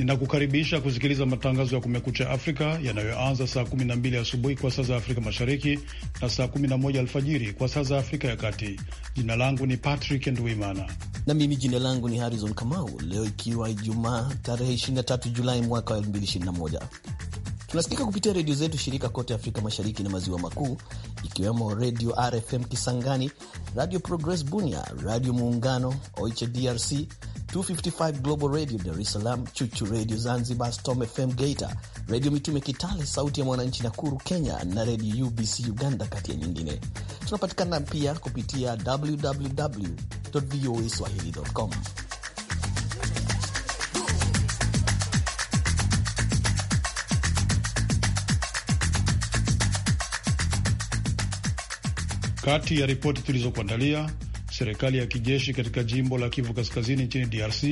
Ninakukaribisha kusikiliza matangazo ya Kumekucha Afrika yanayoanza saa 12 asubuhi kwa saa za Afrika Mashariki na saa 11 alfajiri kwa saa za Afrika ya Kati. Jina langu ni Patrick nduimana na mimi jina langu ni Harrison Kamau. Leo ikiwa Ijumaa tarehe 23 Julai mwaka 2021 Tunasikika kupitia redio zetu shirika kote Afrika Mashariki na Maziwa Makuu, ikiwemo Redio RFM Kisangani, Radio Progress Bunia, Radio Muungano ohdrc DRC, 255 Global Radio Dar es Salaam, Chuchu Redio Zanzibar, Storm FM Geita, Redio Mitume Kitale, Sauti ya Mwananchi Nakuru Kenya na Redio UBC Uganda, kati ya nyingine. Tunapatikana pia kupitia www voa swahili com. Kati ya ripoti tulizokuandalia, serikali ya kijeshi katika jimbo la Kivu Kaskazini nchini DRC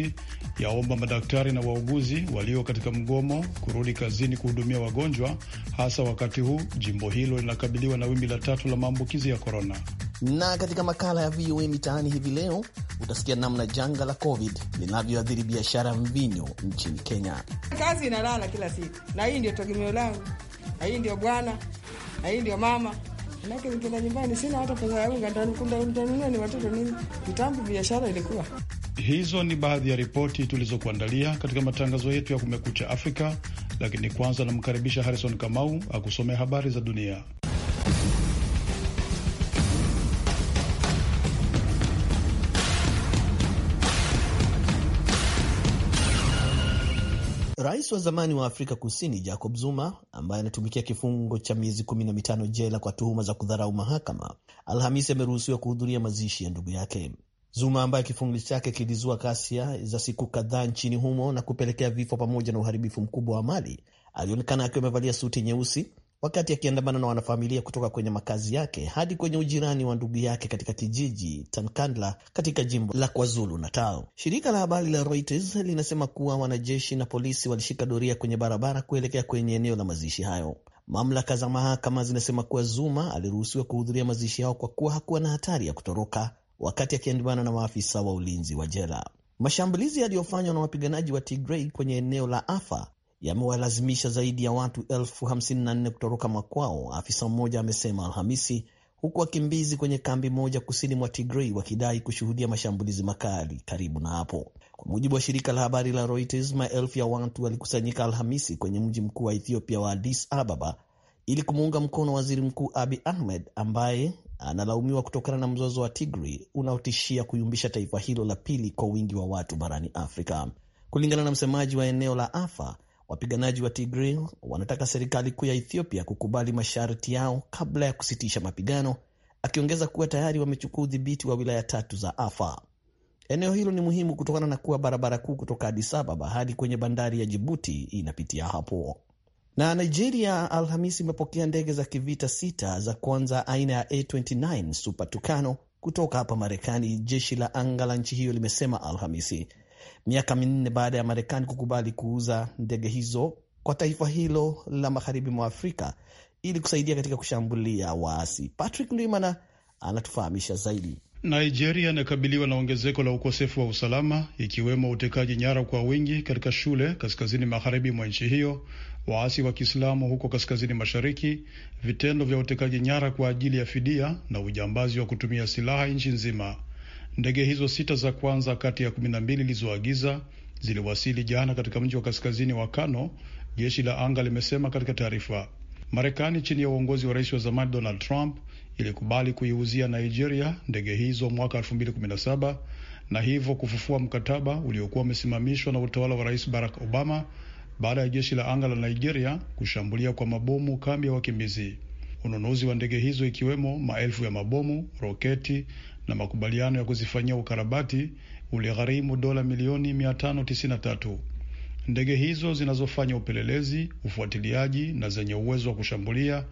yaomba madaktari na wauguzi walio katika mgomo kurudi kazini kuhudumia wagonjwa, hasa wakati huu jimbo hilo linakabiliwa na wimbi la tatu la maambukizi ya korona. Na katika makala ya VOA Mitaani hivi leo utasikia namna janga la COVID linavyoathiri biashara mvinyo nchini Kenya. Kazi inalala kila siku, na hii ndio tegemeo langu, na hii ndio bwana, na hii ndio mama Manake nikienda nyumbani sina hata pesa yangu, ni watoto nini? Kitambo biashara ilikuwa. Hizo ni baadhi ya ripoti tulizokuandalia katika matangazo yetu ya Kumekucha Afrika, lakini kwanza namkaribisha Harrison Kamau akusomea habari za dunia. Rais wa zamani wa Afrika Kusini Jacob Zuma, ambaye anatumikia kifungo cha miezi kumi na mitano jela kwa tuhuma za kudharau mahakama, Alhamisi ameruhusiwa kuhudhuria mazishi ya ndugu yake Zuma ambaye kifungo chake kilizua ghasia za siku kadhaa nchini humo na kupelekea vifo pamoja na uharibifu mkubwa wa mali. Alionekana akiwa amevalia suti nyeusi wakati akiandamana na wanafamilia kutoka kwenye makazi yake hadi kwenye ujirani wa ndugu yake katika kijiji Tankandla katika jimbo la KwaZulu Natal. Shirika la habari la Reuters linasema kuwa wanajeshi na polisi walishika doria kwenye barabara kuelekea kwenye eneo la mazishi hayo. Mamlaka za mahakama zinasema kuwa Zuma aliruhusiwa kuhudhuria mazishi yao kwa kuwa hakuwa na hatari ya kutoroka wakati akiandamana na maafisa wa ulinzi wa jela. Mashambulizi yaliyofanywa na wapiganaji wa tigrei kwenye eneo la Afar yamewalazimisha zaidi ya watu elfu kutoroka makwao, afisa mmoja amesema Alhamisi, huku wakimbizi kwenye kambi moja kusini mwa Tigrei wakidai kushuhudia mashambulizi makali karibu na hapo. Kwa mujibu wa shirika la habari la Reuters, maelfu ya watu walikusanyika Alhamisi kwenye mji mkuu wa Ethiopia wa Addis Ababa ili kumuunga mkono waziri mkuu Abi Ahmed ambaye analaumiwa kutokana na mzozo wa tigrey unaotishia kuyumbisha taifa hilo la pili kwa wingi wa watu barani Afrika. Kulingana na msemaji wa eneo la Afa, Wapiganaji wa Tigray wanataka serikali kuu ya Ethiopia kukubali masharti yao kabla ya kusitisha mapigano, akiongeza kuwa tayari wamechukua udhibiti wa wilaya tatu za Afar. Eneo hilo ni muhimu kutokana na kuwa barabara kuu kutoka Addis Ababa hadi kwenye bandari ya Jibuti inapitia hapo. Na Nigeria Alhamisi imepokea ndege za kivita sita za kwanza aina ya A29 Super Tucano kutoka hapa Marekani, jeshi la anga la nchi hiyo limesema Alhamisi miaka minne baada ya Marekani kukubali kuuza ndege hizo kwa taifa hilo la magharibi mwa Afrika ili kusaidia katika kushambulia waasi. Patrick Ndwimana anatufahamisha zaidi. Nigeria inakabiliwa na ongezeko la ukosefu wa usalama ikiwemo utekaji nyara kwa wingi katika shule kaskazini magharibi mwa nchi hiyo, waasi wa Kiislamu huko kaskazini mashariki, vitendo vya utekaji nyara kwa ajili ya fidia na ujambazi wa kutumia silaha nchi nzima. Ndege hizo sita za kwanza kati ya kumi na mbili ilizoagiza ziliwasili jana katika mji wa kaskazini wa Kano, jeshi la anga limesema katika taarifa. Marekani chini ya uongozi wa rais wa zamani Donald Trump ilikubali kuiuzia Nigeria ndege hizo mwaka 2017 na hivyo kufufua mkataba uliokuwa umesimamishwa na utawala wa rais Barack Obama baada ya jeshi la anga la Nigeria kushambulia kwa mabomu kambi ya wakimbizi. Ununuzi wa ndege hizo ikiwemo maelfu ya mabomu, roketi na makubaliano ya kuzifanyia ukarabati uligharimu dola milioni 593. Ndege hizo zinazofanya upelelezi, ufuatiliaji na zenye uwezo wa kushambulia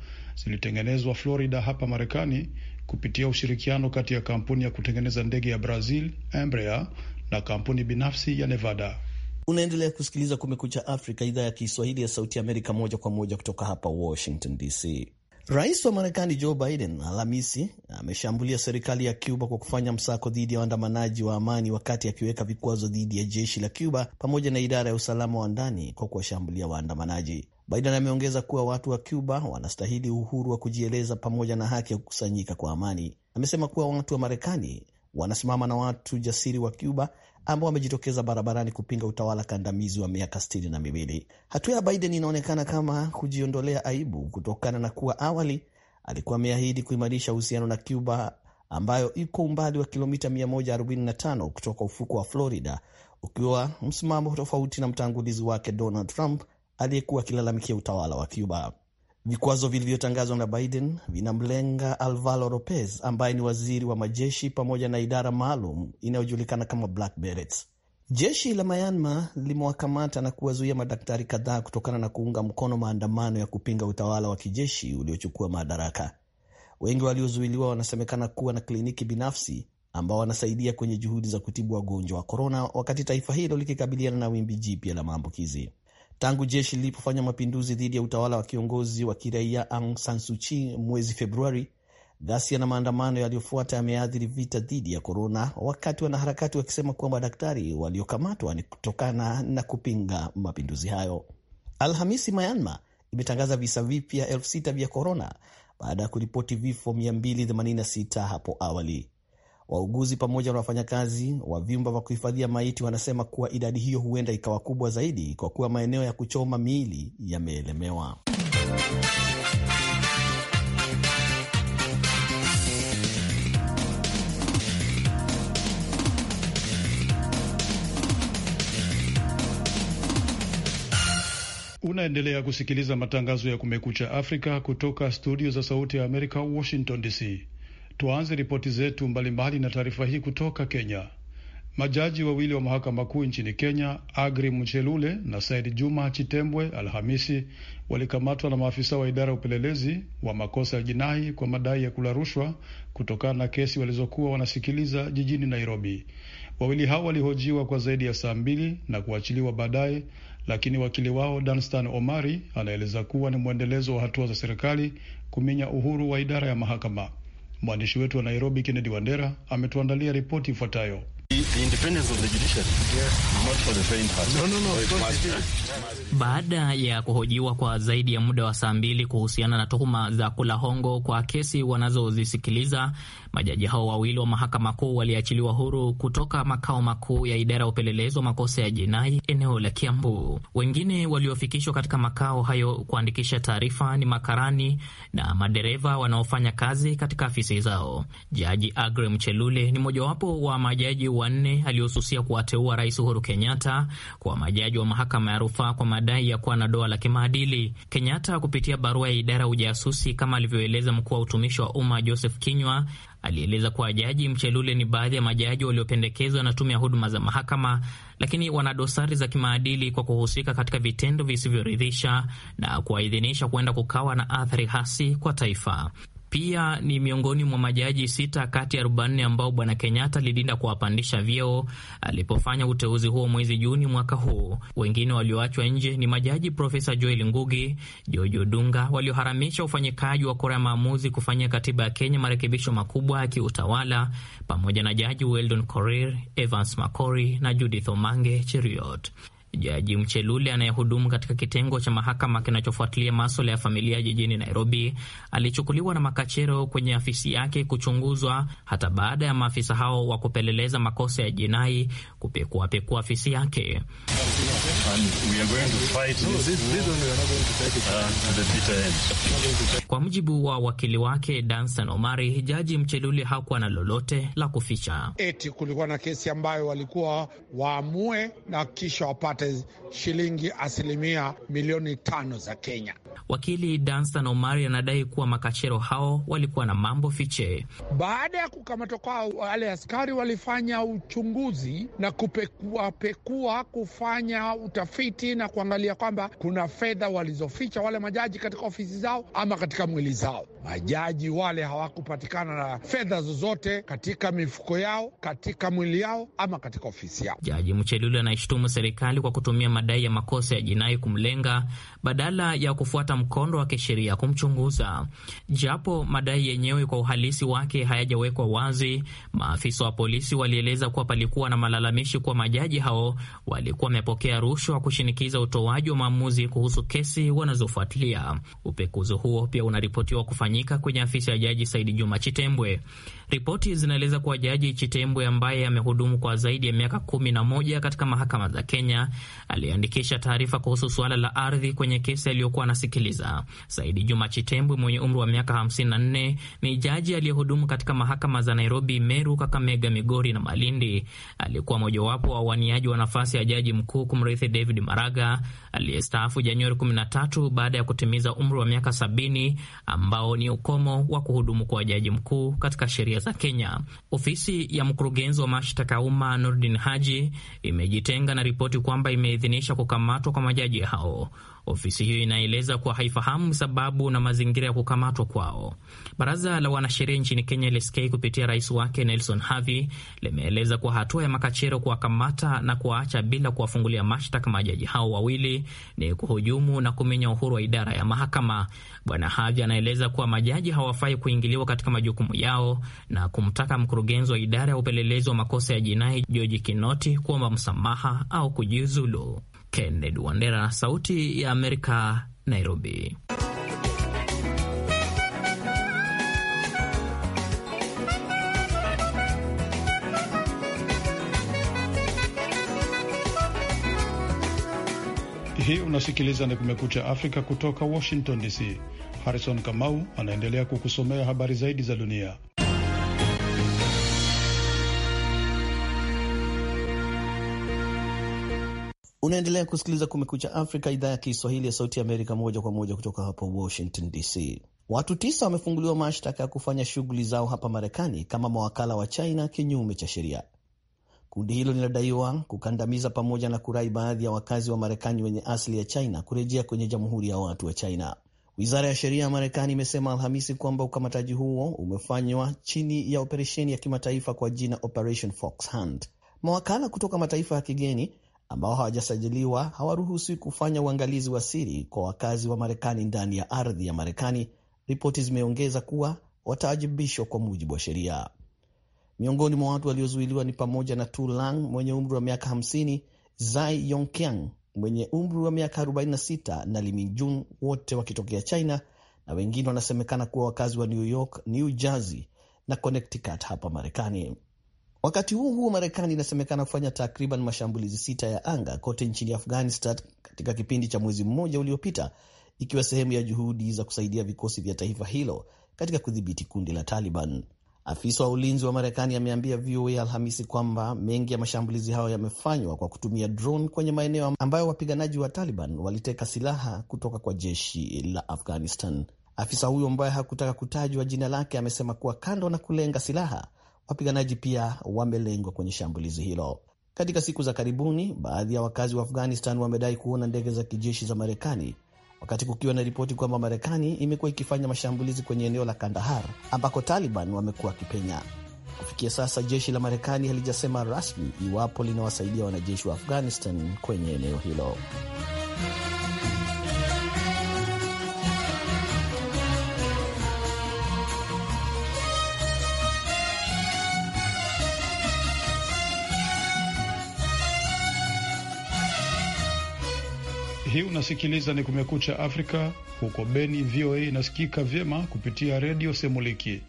zilitengenezwa Florida hapa Marekani kupitia ushirikiano kati ya kampuni ya kutengeneza ndege ya Brazil Embraer na kampuni binafsi ya Nevada. Unaendelea kusikiliza Kumekucha Afrika, idhaa ya Kiswahili ya Sauti ya Amerika, moja kwa moja kutoka hapa Washington DC. Rais wa Marekani Joe Biden Alhamisi ameshambulia serikali ya Cuba kwa kufanya msako dhidi ya waandamanaji wa amani, wakati akiweka vikwazo dhidi ya jeshi la Cuba pamoja na idara ya usalama wa ndani kwa kuwashambulia waandamanaji. Biden ameongeza kuwa watu wa Cuba wanastahili uhuru wa kujieleza pamoja na haki ya kukusanyika kwa amani. Amesema kuwa watu wa Marekani wanasimama na watu jasiri wa Cuba ambao wamejitokeza barabarani kupinga utawala kandamizi wa miaka sitini na miwili. Hatua ya Biden inaonekana kama kujiondolea aibu kutokana na kuwa awali alikuwa ameahidi kuimarisha uhusiano na Cuba ambayo iko umbali wa kilomita 145 kutoka ufuko wa Florida, ukiwa msimamo tofauti na mtangulizi wake Donald Trump aliyekuwa akilalamikia utawala wa Cuba. Vikwazo vilivyotangazwa na Biden vinamlenga Alvaro Lopez ambaye ni waziri wa majeshi pamoja na idara maalum inayojulikana kama Black Berets. Jeshi la Myanmar limewakamata na kuwazuia madaktari kadhaa kutokana na kuunga mkono maandamano ya kupinga utawala wa kijeshi uliochukua madaraka. Wengi waliozuiliwa wanasemekana kuwa na kliniki binafsi ambao wanasaidia kwenye juhudi za kutibu wagonjwa wa korona, wakati taifa hilo likikabiliana na wimbi jipya la maambukizi tangu jeshi lilipofanya mapinduzi dhidi ya utawala wa kiongozi wa kiraia Aung San Suu Kyi mwezi Februari. Ghasia na maandamano yaliyofuata yameathiri vita dhidi ya korona, wakati wanaharakati wakisema kuwa madaktari waliokamatwa ni kutokana na kupinga mapinduzi hayo. Alhamisi, Myanmar imetangaza visa vipya elfu sita vya korona baada ya kuripoti vifo 286 hapo awali. Wauguzi pamoja na wafanyakazi wa vyumba vya kuhifadhia maiti wanasema kuwa idadi hiyo huenda ikawa kubwa zaidi kwa kuwa maeneo ya kuchoma miili yameelemewa. Unaendelea kusikiliza matangazo ya Kumekucha Afrika kutoka studio za Sauti ya Amerika, Washington DC. Tuanze ripoti zetu mbalimbali na taarifa hii kutoka Kenya. Majaji wawili wa mahakama kuu nchini Kenya, Agri Mchelule na Said Juma Chitembwe, Alhamisi walikamatwa na maafisa wa idara ya upelelezi wa makosa ya jinai kwa madai ya kula rushwa kutokana na kesi walizokuwa wanasikiliza jijini Nairobi. Wawili hao walihojiwa kwa zaidi ya saa mbili na kuachiliwa baadaye, lakini wakili wao Danstan Omari anaeleza kuwa ni mwendelezo wa hatua za serikali kuminya uhuru wa idara ya mahakama. Mwandishi wetu wa Nairobi, Kennedy Wandera, ametuandalia ripoti ifuatayo. Baada ya kuhojiwa kwa zaidi ya muda wa saa mbili kuhusiana na tuhuma za kula hongo kwa kesi wanazozisikiliza Majaji hao wawili wa mahakama kuu waliachiliwa huru kutoka makao makuu ya idara ya upelelezi wa makosa ya jinai eneo la Kiambu. Wengine waliofikishwa katika makao hayo kuandikisha taarifa ni makarani na madereva wanaofanya kazi katika afisi zao. Jaji Agre Mchelule ni mojawapo wa majaji wanne aliyohususia kuwateua Rais Uhuru Kenyatta kwa majaji wa mahakama ya rufaa kwa madai ya kuwa na doa la kimaadili. Kenyatta kupitia barua ya idara ya ujasusi, kama alivyoeleza mkuu wa utumishi wa umma Joseph Kinywa alieleza kuwa jaji Mchelule ni baadhi ya majaji waliopendekezwa na tume ya huduma za mahakama, lakini wana dosari za kimaadili kwa kuhusika katika vitendo visivyoridhisha na kuwaidhinisha kuenda kukawa na athari hasi kwa taifa. Pia ni miongoni mwa majaji sita kati ya 44 ambao Bwana Kenyatta alilinda kuwapandisha vyeo alipofanya uteuzi huo mwezi Juni mwaka huu. Wengine walioachwa nje ni majaji Profesa Joel Ngugi, George Odunga, walioharamisha ufanyikaji wa kura ya maamuzi kufanyia katiba ya Kenya marekebisho makubwa ya kiutawala, pamoja na Jaji Weldon Korir, Evans Makori na Judith Omange Cheriot. Jaji Mchelule anayehudumu katika kitengo cha mahakama kinachofuatilia maswala ya familia jijini Nairobi alichukuliwa na makachero kwenye afisi yake kuchunguzwa hata baada ya maafisa hao wa kupeleleza makosa ya jinai kupekuapekua afisi yake. Kwa mujibu wa wakili wake Dansan Omari, Jaji Mchelule hakuwa na lolote la kuficha. Eti kulikuwa na kesi ambayo walikuwa waamue na kisha wapate taxes shilingi asilimia milioni tano za Kenya. Wakili Danstan Omari anadai kuwa makachero hao walikuwa na mambo fiche. Baada ya kukamatwa kwao, wale askari walifanya uchunguzi na kupekuapekua, kufanya utafiti na kuangalia kwamba kuna fedha walizoficha wale majaji katika ofisi zao ama katika mwili zao. Majaji wale hawakupatikana na fedha zozote katika mifuko yao, katika mwili yao ama katika ofisi yao. Jaji Mchelule anaishtumu serikali kwa kutumia madai ya makosa ya jinai kumlenga badala ya kufuata mkondo wa kisheria kumchunguza. Japo madai yenyewe kwa uhalisi wake hayajawekwa wazi, maafisa wa polisi walieleza kuwa palikuwa na malalamishi kuwa majaji hao walikuwa wamepokea rushwa kushinikiza utoaji wa maamuzi kuhusu kesi wanazofuatilia. Upekuzi huo pia unaripotiwa kufanyika kwenye afisi ya Jaji Saidi Juma Chitembwe. Ripoti zinaeleza kuwa Jaji Chitembwe ambaye amehudumu kwa zaidi ya miaka kumi na moja katika mahakama za Kenya aliyeandikisha taarifa kuhusu suala la ardhi kwenye kesi aliyokuwa anasikiliza. Saidi Juma Chitembwe mwenye umri wa miaka 54 ni jaji aliyehudumu katika mahakama za Nairobi, Meru, Kakamega, Migori na Malindi. Alikuwa mojawapo wa waniaji wa nafasi ya jaji mkuu kumrithi David Maraga aliyestaafu Januari 13 baada ya kutimiza umri wa miaka 70 ambao ni ukomo wa kuhudumu kwa jaji mkuu katika sheria za Kenya. Ofisi ya mkurugenzi wa mashtaka ya umma Nurdin Haji imejitenga na ripoti kwamba kwamba imeidhinisha kukamatwa kwa majaji hao. Ofisi hiyo inaeleza kuwa haifahamu sababu na mazingira ya kukamatwa kwao. Baraza la wanasheria nchini Kenya, LSK, kupitia rais wake Nelson Havi, limeeleza kuwa hatua ya Makachero kuwakamata na kuwaacha bila kuwafungulia mashtaka majaji hao wawili ni kuhujumu na kuminya uhuru wa idara ya mahakama. Bwana Havi anaeleza kuwa majaji hawafai kuingiliwa katika majukumu yao na kumtaka mkurugenzi wa idara ya upelelezi wa makosa ya jinai George Kinoti kuomba msamaha au kujiuzulu. Kennedy Wandera, Sauti ya Amerika, Nairobi. Hii unasikiliza ni Kumekucha Afrika kutoka Washington DC. Harrison Kamau anaendelea kukusomea habari zaidi za dunia. Unaendelea kusikiliza Kumekucha Afrika, idhaa ya Kiswahili ya Sauti Amerika, moja kwa moja kutoka hapa Washington DC. Watu tisa wamefunguliwa mashtaka ya kufanya shughuli zao hapa Marekani kama mawakala wa China kinyume cha sheria. Kundi hilo linadaiwa kukandamiza pamoja na kurai baadhi ya wakazi wa Marekani wenye asili ya China kurejea kwenye Jamhuri ya Watu wa China. Wizara ya Sheria ya Marekani imesema Alhamisi kwamba ukamataji huo umefanywa chini ya operesheni ya kimataifa kwa jina Operation Fox Hunt. Mawakala kutoka mataifa ya kigeni ambao hawajasajiliwa hawaruhusiwi kufanya uangalizi wa siri kwa wakazi wa Marekani ndani ya ardhi ya Marekani. Ripoti zimeongeza kuwa wataajibishwa kwa mujibu wa sheria. Miongoni mwa watu waliozuiliwa ni pamoja na Tu Lang mwenye umri wa miaka 50, Zai Yongkiang mwenye umri wa miaka 46 na Limijun, wote wakitokea China, na wengine wanasemekana kuwa wakazi wa New York, New Jersey na Connecticut hapa Marekani. Wakati huu huo, Marekani inasemekana kufanya takriban mashambulizi sita ya anga kote nchini Afghanistan katika kipindi cha mwezi mmoja uliopita, ikiwa sehemu ya juhudi za kusaidia vikosi vya taifa hilo katika kudhibiti kundi la Taliban. Afisa wa ulinzi wa Marekani ameambia VOA Alhamisi kwamba mengi ya mashambulizi hayo yamefanywa kwa kutumia drone kwenye maeneo ambayo wapiganaji wa Taliban waliteka silaha kutoka kwa jeshi la Afghanistan. Afisa huyo ambaye hakutaka kutajwa jina lake amesema kuwa kando na kulenga silaha, Wapiganaji pia wamelengwa kwenye shambulizi hilo. Katika siku za karibuni, baadhi ya wakazi wa Afghanistan wamedai kuona ndege za kijeshi za Marekani, wakati kukiwa na ripoti kwamba Marekani imekuwa ikifanya mashambulizi kwenye eneo la Kandahar ambako Taliban wamekuwa wakipenya. Kufikia sasa jeshi la Marekani halijasema rasmi iwapo linawasaidia wanajeshi wa Afghanistan kwenye eneo hilo. hii unasikiliza ni Kumekucha Afrika. Huko Beni, VOA inasikika vyema kupitia redio Semuliki.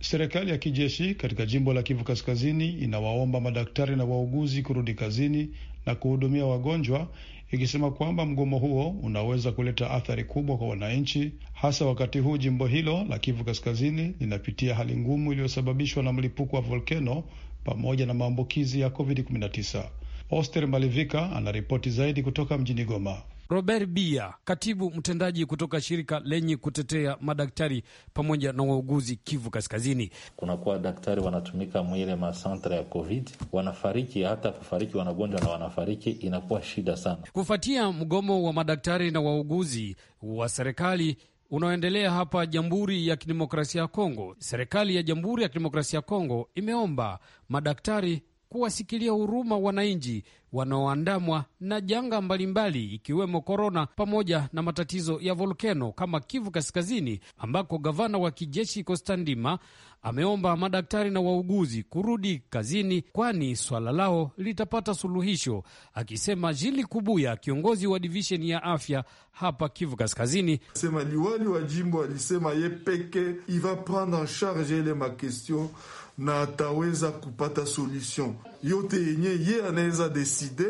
Serikali ya kijeshi katika jimbo la Kivu Kaskazini inawaomba madaktari na wauguzi kurudi kazini na kuhudumia wagonjwa, ikisema kwamba mgomo huo unaweza kuleta athari kubwa kwa wananchi, hasa wakati huu jimbo hilo la Kivu Kaskazini linapitia hali ngumu iliyosababishwa na mlipuko wa volkeno pamoja na maambukizi ya COVID-19. Oster Malivika anaripoti zaidi kutoka mjini Goma. Robert Bia, katibu mtendaji kutoka shirika lenye kutetea madaktari pamoja na wauguzi Kivu Kaskazini. Kunakuwa daktari wanatumika mwile masantre ya Covid, wanafariki hata kufariki wanagonjwa na wanafariki, inakuwa shida sana. Kufuatia mgomo wa madaktari na wauguzi wa serikali unaoendelea hapa Jamhuri ya Kidemokrasia ya Kongo, serikali ya Jamhuri ya Kidemokrasia ya Kongo imeomba madaktari kuwasikilia huruma wananchi wanaoandamwa na janga mbalimbali ikiwemo korona pamoja na matatizo ya volkeno kama Kivu Kaskazini, ambako gavana wa kijeshi Kostandima ameomba madaktari na wauguzi kurudi kazini, kwani swala lao litapata suluhisho, akisema Jili Kubuya, kiongozi wa divisheni ya afya hapa Kivu Kaskazini. Sema liwali wa jimbo alisema ye peke iva prendre en charge ele makestion na ataweza kupata solution yote yenye ye anaweza deside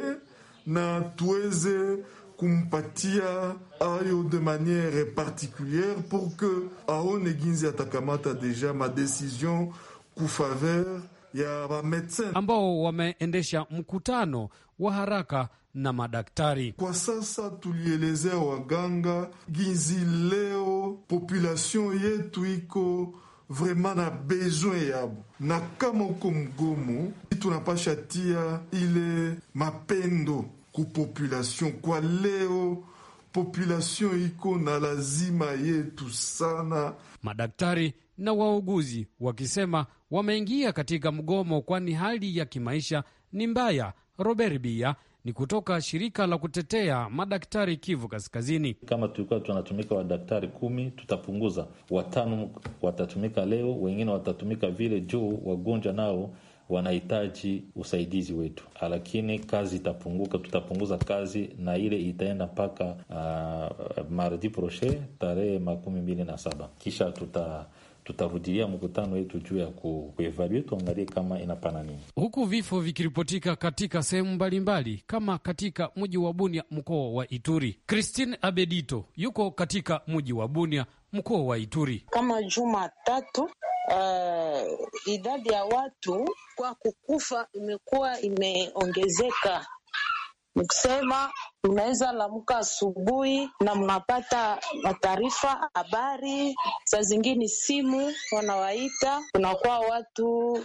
na tuweze kumpatia ayo de maniere particuliere pour que aone ginzi atakamata deja madecision kufaveur ya bamedecin ambao wameendesha mkutano wa haraka na madaktari. Kwa sasa tulielezea waganga ginzi, leo population yetu iko vraiment na bezwen yabo na ka moko mgomo tunapasha tia ile mapendo ku population kwa leo population iko na lazima yetu sana. Madaktari na wauguzi wakisema wameingia katika mgomo, kwani hali ya kimaisha ni mbaya. Robert Bia ni kutoka shirika la kutetea madaktari Kivu Kaskazini. Kama tulikuwa tunatumika wadaktari kumi, tutapunguza watano, watatumika leo, wengine watatumika vile juu wagonjwa nao wanahitaji usaidizi wetu, lakini kazi itapunguka, tutapunguza kazi na ile itaenda mpaka uh, mardi proche tarehe makumi mbili na saba kisha tuta tutarudilia mkutano wetu juu ya kuevaluate, tuangalie kama inapana nini, huku vifo vikiripotika katika sehemu mbalimbali kama katika mji wa Bunia, mkoa wa Ituri. Christine Abedito yuko katika mji wa Bunia, mkoa wa Ituri. Kama tatu, uh, eh, idadi ya watu kwa kukufa imekuwa imeongezeka nikusema Unaweza lamka asubuhi na mnapata mataarifa habari, saa zingine simu wanawaita, kunakuwa watu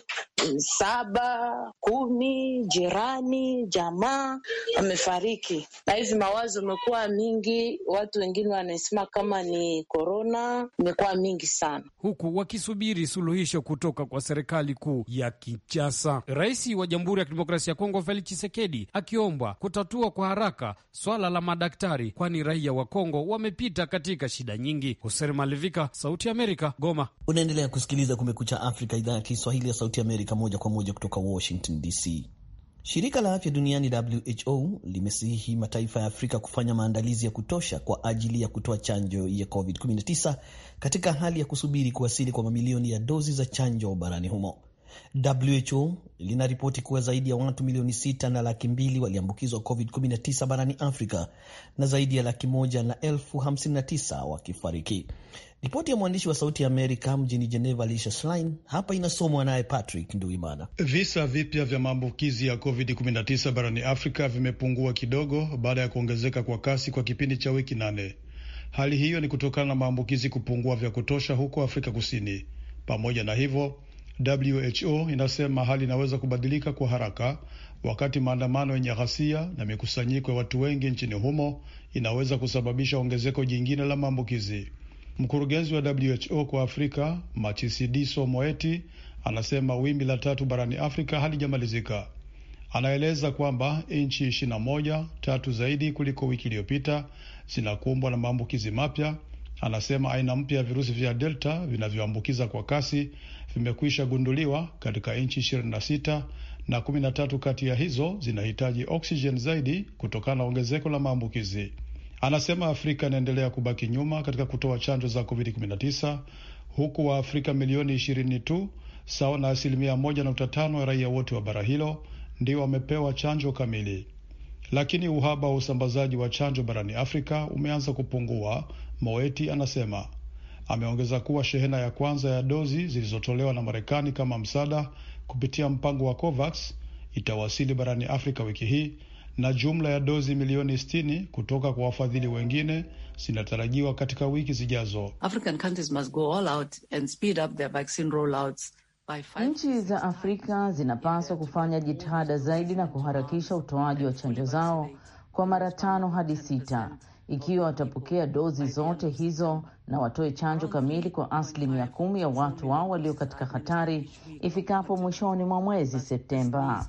saba kumi, jirani jamaa wamefariki, na hivi mawazo amekuwa mingi. Watu wengine wanasema kama ni korona imekuwa mingi sana, huku wakisubiri suluhisho kutoka kwa serikali kuu ya Kinshasa. Rais wa Jamhuri ya Kidemokrasia ya Kongo Felix Tshisekedi akiomba kutatua kwa haraka swala la madaktari, kwani raia wa Kongo wamepita katika shida nyingi. Hoser Malivika, Sauti Amerika, Goma. Unaendelea kusikiliza Kumekucha Afrika, idhaa ya Kiswahili ya Sauti Amerika, moja kwa moja kutoka Washington DC. Shirika la afya duniani WHO limesihi mataifa ya Afrika kufanya maandalizi ya kutosha kwa ajili ya kutoa chanjo ya COVID-19 katika hali ya kusubiri kuwasili kwa mamilioni ya dozi za chanjo barani humo. WHO linaripoti kuwa zaidi ya watu milioni sita na laki mbili waliambukizwa COVID-19 barani Afrika na zaidi ya laki moja na elfu hamsini na tisa wakifariki. Ripoti ya mwandishi wa Sauti ya Amerika mjini Geneva, Lisha Schlein, hapa inasomwa naye Patrick Nduimana. Visa vipya vya maambukizi ya COVID-19 barani Afrika vimepungua kidogo baada ya kuongezeka kwa kasi kwa kipindi cha wiki nane. Hali hiyo ni kutokana na maambukizi kupungua vya kutosha huko Afrika Kusini. Pamoja na hivyo WHO inasema hali inaweza kubadilika kwa haraka wakati maandamano yenye ghasia na mikusanyiko ya watu wengi nchini humo inaweza kusababisha ongezeko jingine la maambukizi. Mkurugenzi wa WHO kwa Afrika Matshidiso Moeti anasema wimbi la tatu barani Afrika halijamalizika. Anaeleza kwamba nchi 21 tatu zaidi kuliko wiki iliyopita, zinakumbwa na maambukizi mapya Anasema aina mpya ya virusi vya Delta vinavyoambukiza kwa kasi vimekwisha gunduliwa katika nchi 26 na 13 kati ya hizo zinahitaji oksijeni zaidi kutokana na ongezeko la maambukizi. Anasema Afrika inaendelea kubaki nyuma katika kutoa chanjo za COVID-19 huku Waafrika milioni 20 tu sawa na asilimia 1.5 ya raia wote wa bara hilo ndio wamepewa chanjo kamili, lakini uhaba wa usambazaji wa chanjo barani Afrika umeanza kupungua Moeti anasema. Ameongeza kuwa shehena ya kwanza ya dozi zilizotolewa na Marekani kama msaada kupitia mpango wa COVAX itawasili barani Afrika wiki hii na jumla ya dozi milioni sitini kutoka kwa wafadhili wengine zinatarajiwa katika wiki zijazo. Nchi za Afrika zinapaswa kufanya jitihada zaidi na kuharakisha utoaji wa chanjo zao kwa mara tano hadi sita ikiwa watapokea dozi zote hizo na watoe chanjo kamili kwa asilimia kumi ya watu wao walio katika hatari ifikapo mwishoni mwa mwezi Septemba.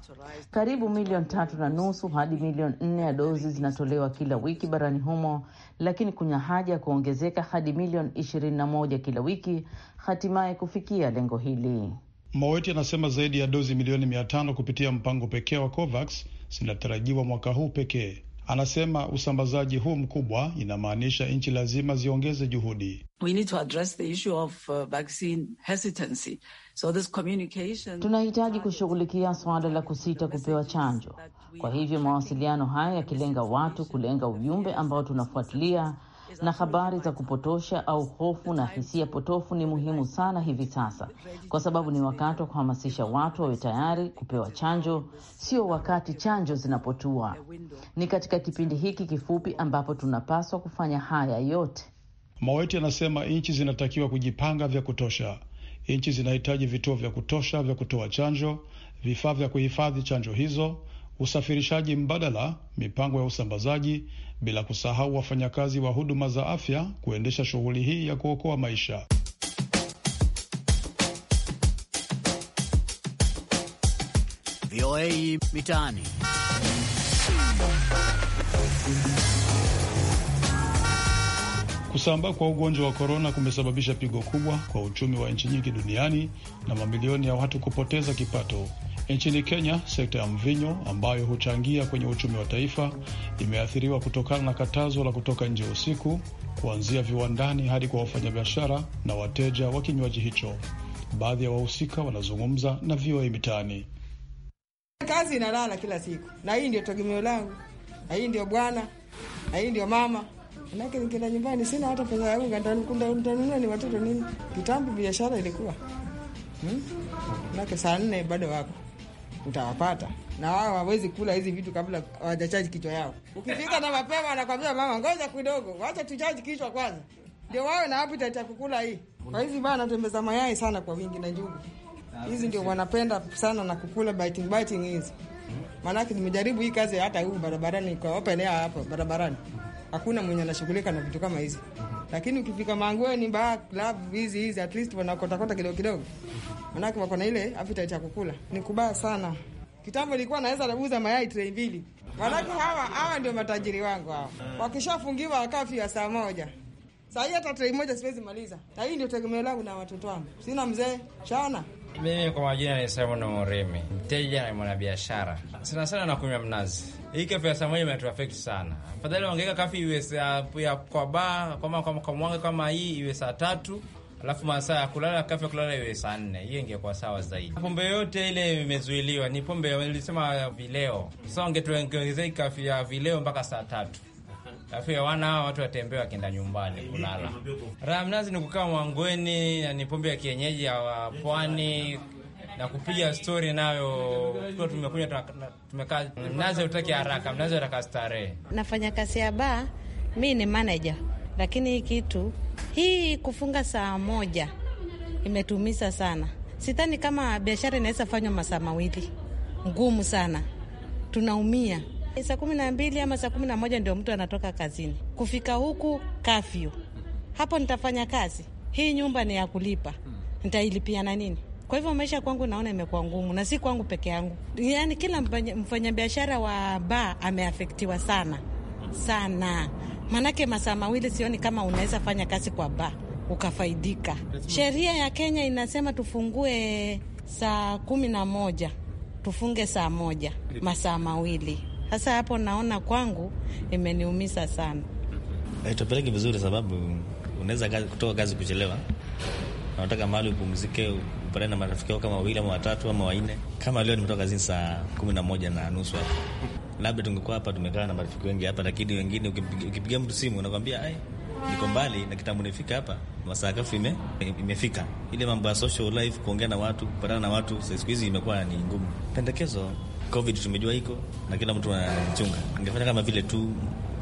Karibu milioni tatu na nusu hadi milioni nne ya dozi zinatolewa kila wiki barani humo, lakini kuna haja ya kuongezeka hadi milioni ishirini na moja kila wiki, hatimaye kufikia lengo hili. Moweti anasema zaidi ya dozi milioni mia tano kupitia mpango pekee wa COVAX zinatarajiwa mwaka huu pekee. Anasema usambazaji huu mkubwa inamaanisha nchi lazima ziongeze juhudi. Uh, so communication... tunahitaji kushughulikia suala la kusita kupewa chanjo. Kwa hivyo mawasiliano haya yakilenga watu, kulenga ujumbe ambao tunafuatilia na habari za kupotosha au hofu na hisia potofu ni muhimu sana hivi sasa, kwa sababu ni wakati wa kuhamasisha watu wawe tayari kupewa chanjo, sio wakati chanjo zinapotua. Ni katika kipindi hiki kifupi ambapo tunapaswa kufanya haya yote. Maweti anasema nchi zinatakiwa kujipanga vya kutosha. Nchi zinahitaji vituo vya kutosha vya kutoa chanjo, vifaa vya kuhifadhi chanjo hizo, usafirishaji mbadala, mipango ya usambazaji bila kusahau wafanyakazi wa huduma za afya kuendesha shughuli hii ya kuokoa maisha. VOA Mitaani. Kusambaa kwa ugonjwa wa korona kumesababisha pigo kubwa kwa uchumi wa nchi nyingi duniani na mamilioni ya watu kupoteza kipato. Nchini Kenya, sekta ya mvinyo ambayo huchangia kwenye uchumi wa taifa imeathiriwa kutokana na katazo la kutoka nje usiku, kuanzia viwandani hadi kwa wafanyabiashara na wateja wa kinywaji hicho. Baadhi ya wahusika wanazungumza na VOA Mitaani. Kazi inalala kila siku, na hii ndio tegemeo langu, na hii ndio bwana, na hii ndio mama. Manake nikienda nyumbani sina hata pesa yangu, ntanunua ni watoto nini? Kitambo biashara ilikuwa hmm? Manake saa nne bado wako utawapata na wao hawawezi kula hizi vitu kabla hawajachaji kichwa yao. Ukifika na mapema, anakwambia mama, ngoja kidogo, wacha tuchaji kichwa kwanza, ndio wawe na appetite ya kukula hii. Kwa hizi bana anatembeza mayai sana kwa wingi na njugu hizi, ndio wanapenda sana na kukula biting biting hizi. Maanake nimejaribu hii kazi hata huu barabarani, kwa open air hapa barabarani, hakuna mwenye anashughulika na vitu kama hizi lakini ukifika Mangweni ba club hizi hizi, at least wanakotakota kidogo kidogo, manake wako na ile appetite ya kukula. Ni kubaya sana. Kitambo ilikuwa naweza nauza mayai trei mbili, manake hawa hawa ndio matajiri wangu hawa. Wakishafungiwa wakafi ya saa moja hii hata trei moja siwezi maliza. Hii ndio tegemeo langu na watoto wangu, sina mzee chana mimi kwa majina ni Simon Murimi, mteja na mwanabiashara. Sana sana nakunywa mnazi. Hii kafe ya imetu affect sana. fadhali wangeweka kafe iwe saa ya kwa baa kama kama kwa mwanga kama hii iwe saa tatu, alafu masaa ya kulala kafe kulala iwe saa nne. Hiyo ingekuwa sawa zaidi. Pombe yote ile imezuiliwa, ni pombe nilisema vileo. Sasa so, wangetuongezea kafe ya vileo mpaka saa tatu. Afia wana hawa watu watembea wakienda nyumbani kulala. Raha mnazi ni kukaa mwangweni na ni pombe ya kienyeji ya pwani na kupiga stori nayo, kwa tumekunywa tumekaa. Mnazi utaki haraka, mnazi ataka starehe. Nafanya kazi ya baa, mi ni manaja, lakini hii kitu hii kufunga saa moja imetumisa sana. Sidhani kama biashara inaweza fanywa masaa mawili, ngumu sana, tunaumia saa kumi na mbili ama saa kumi na moja ndio mtu anatoka kazini, kufika huku kafyu, hapo nitafanya kazi? Hii nyumba ni ya kulipa, nitailipia na nini? Kwa hivyo maisha kwangu naona imekuwa ngumu, na si kwangu peke yangu, yaani kila mfanyabiashara wa ba ameafektiwa sana sana, maanake masaa mawili sioni kama unaweza fanya kazi kwa ba ukafaidika. Sheria ya Kenya inasema tufungue saa kumi na moja tufunge saa moja masaa mawili sasa hapo naona kwangu imeniumiza sana. Haitopeleki eh, vizuri, sababu unaweza kutoka kazi kuchelewa, nataka mahali upumzike, upatane na marafiki wako kama wawili ama watatu ama wanne. Kama leo nimetoka kazini saa kumi na moja na nusu hapo labda tungekuwa hapa tumekaa na marafiki wengi hapa, lakini wengine ukipigia mtu simu unakwambia ai, niko mbali na kitambo nifika hapa, masaa kafu ime, imefika. Ile mambo ya social life, kuongea na watu, kupatana na watu, siku hizi imekuwa ni ngumu. Pendekezo COVID tumejua iko na kila mtu anachunga. Ningefanya kama vile tu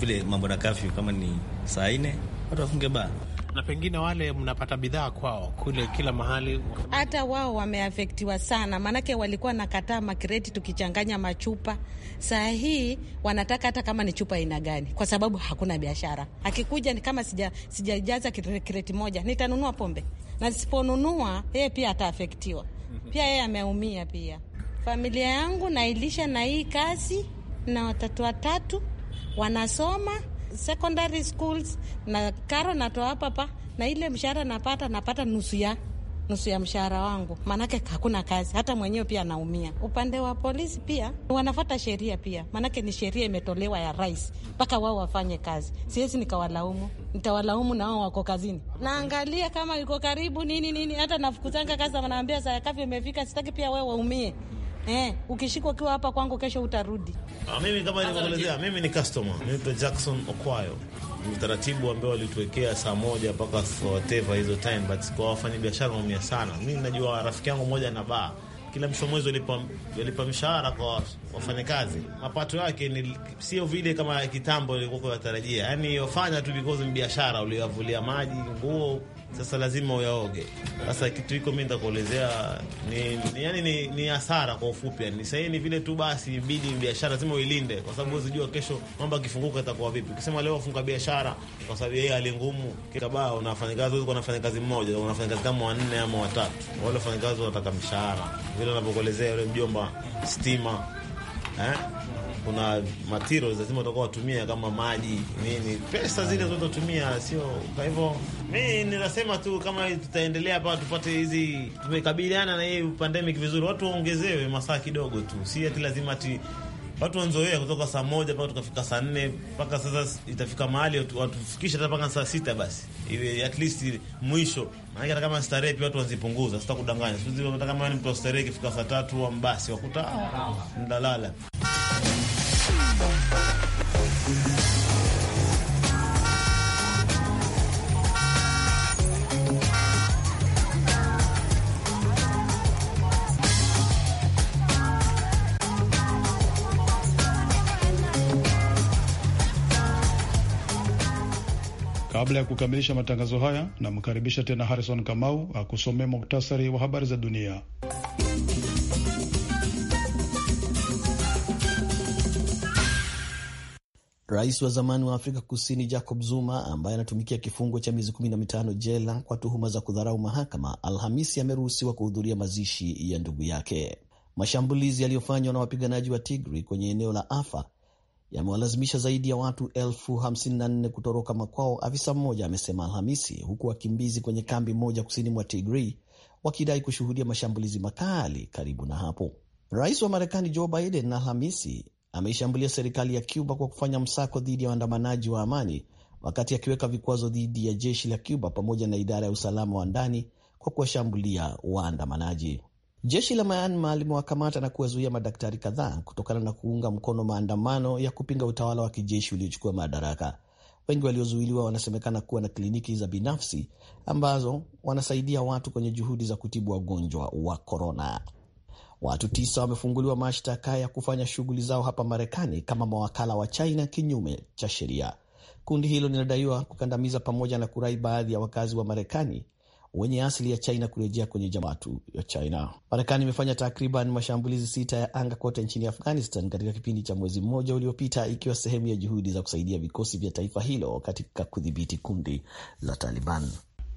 vile mambo na kafyu, kama ni saa nne watu wafunge baa na pengine wale mnapata bidhaa kwao kule kila mahali, hata wao wameafektiwa sana, maanake walikuwa nakataa makreti tukichanganya machupa. Saa hii wanataka hata kama ni chupa aina gani, kwa sababu hakuna biashara. Akikuja ni kama sijajaza sija kreti moja, nitanunua pombe, na nisiponunua yeye pia ataafektiwa pia, yeye ameumia pia familia yangu nailisha na hii kazi, na watatu watatu wanasoma secondary schools, na karo natoa hapa pa na ile mshahara napata, napata nusu ya nusu ya mshahara wangu, maanake hakuna kazi. Hata mwenyewe pia anaumia. Upande wa polisi pia wanafata sheria pia, maanake ni sheria imetolewa ya rais, mpaka wao wafanye kazi. Siwezi nikawalaumu, nitawalaumu na wao wako kazini. Naangalia kama yuko karibu nini nini, hata nafukuzanga kazi, wanaambia saa ya kafyu imefika, sitaki pia wewe waumie. Eh, ukishikwa ukiwa hapa kwangu kesho utarudi. Ah, mimi kama nilivyoelezea, mimi ni customer. ni Jackson Okwayo. Utaratibu ambao walituwekea saa moja mpaka whatever hizo time, but kwa wafanya biashara wa sana. Mimi najua rafiki yangu mmoja na baa kila mwisho mwezi walipa mshahara kwa wafanyakazi, mapato yake ni sio vile kama kitambo ilikuwa inatarajia. yaani wafanya tu because biashara uliyavulia maji, nguo sasa lazima uyaoge. Sasa kitu hiko mi nitakuelezea ni, ni, yani ni, ni hasara kwa ufupi, ni sahii ni vile tu basi, ibidi biashara lazima uilinde, kwa sababu huwezi jua kesho mambo akifunguka itakuwa vipi. Ukisema leo funga biashara kwa sababu yeye hali ngumu unafanya kazi, huwezi kuwa nafanyakazi mmoja, kazi kama wanne ama watatu, wale wafanyakazi wanataka mshahara, vile anavyokuelezea yule mjomba stima eh? kuna materials lazima utakuwa watumia kama maji nini, pesa zile zote utumia, sio. Kwa hivyo mi ninasema tu kama tutaendelea hapa tupate hizi, tumekabiliana na hii pandemic vizuri, watu waongezewe masaa kidogo tu, si ati lazima ati watu wanzoea kutoka saa moja mpaka tukafika saa nne mpaka sasa. Itafika mahali watufikisha hata mpaka saa sita basi iwe at least mwisho. Maanake hata kama starehe pia watu wanzipunguza, sitakudanganya. Hata kama ni mtu wa starehe ikifika saa tatu wa wakuta mdalala Kabla ya kukamilisha matangazo haya, namkaribisha tena Harrison Kamau akusomea muktasari wa habari za dunia. Rais wa zamani wa Afrika Kusini Jacob Zuma ambaye anatumikia kifungo cha miezi na mitano jela kwa tuhuma za kudharau mahakama, Alhamisi ameruhusiwa kuhudhuria mazishi ya ndugu yake. Mashambulizi yaliyofanywa na wapiganaji wa Tigri kwenye eneo la Afa yamewalazimisha zaidi ya watu elfu hamsini na nne kutoroka makwao, afisa mmoja amesema Alhamisi, huku wakimbizi kwenye kambi moja kusini mwa Tigri wakidai kushuhudia mashambulizi makali karibu na hapo. Rais wa Marekani Joe Biden Alhamisi ameishambulia serikali ya Cuba kwa kufanya msako dhidi ya waandamanaji wa amani, wakati akiweka vikwazo dhidi ya jeshi la Cuba pamoja na idara ya usalama wa ndani kwa kuwashambulia waandamanaji. Jeshi la Myanmar limewakamata na kuwazuia madaktari kadhaa kutokana na kuunga mkono maandamano ya kupinga utawala wa kijeshi uliochukua madaraka. Wengi waliozuiliwa wanasemekana kuwa na kliniki za binafsi ambazo wanasaidia watu kwenye juhudi za kutibu wagonjwa wa korona. Watu tisa wamefunguliwa mashtaka ya kufanya shughuli zao hapa Marekani kama mawakala wa China kinyume cha sheria. Kundi hilo linadaiwa kukandamiza pamoja na kurai baadhi ya wakazi wa Marekani wenye asili ya China kurejea kwenye jamatu ya China. Marekani imefanya takriban mashambulizi sita ya anga kote nchini Afghanistan katika kipindi cha mwezi mmoja uliopita, ikiwa sehemu ya juhudi za kusaidia vikosi vya taifa hilo katika kudhibiti kundi la Taliban.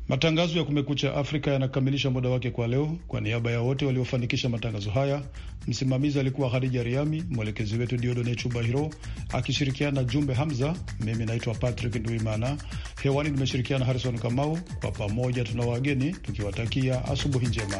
Matangazo ya Kumekucha Afrika yanakamilisha muda wake kwa leo. Kwa niaba ya wote waliofanikisha matangazo haya, msimamizi alikuwa Hadija Riami, mwelekezi wetu Diodone Chubahiro akishirikiana na Jumbe Hamza. Mimi naitwa Patrick Nduimana, hewani nimeshirikiana Harrison Kamau. Kwa pamoja tuna wageni tukiwatakia asubuhi njema.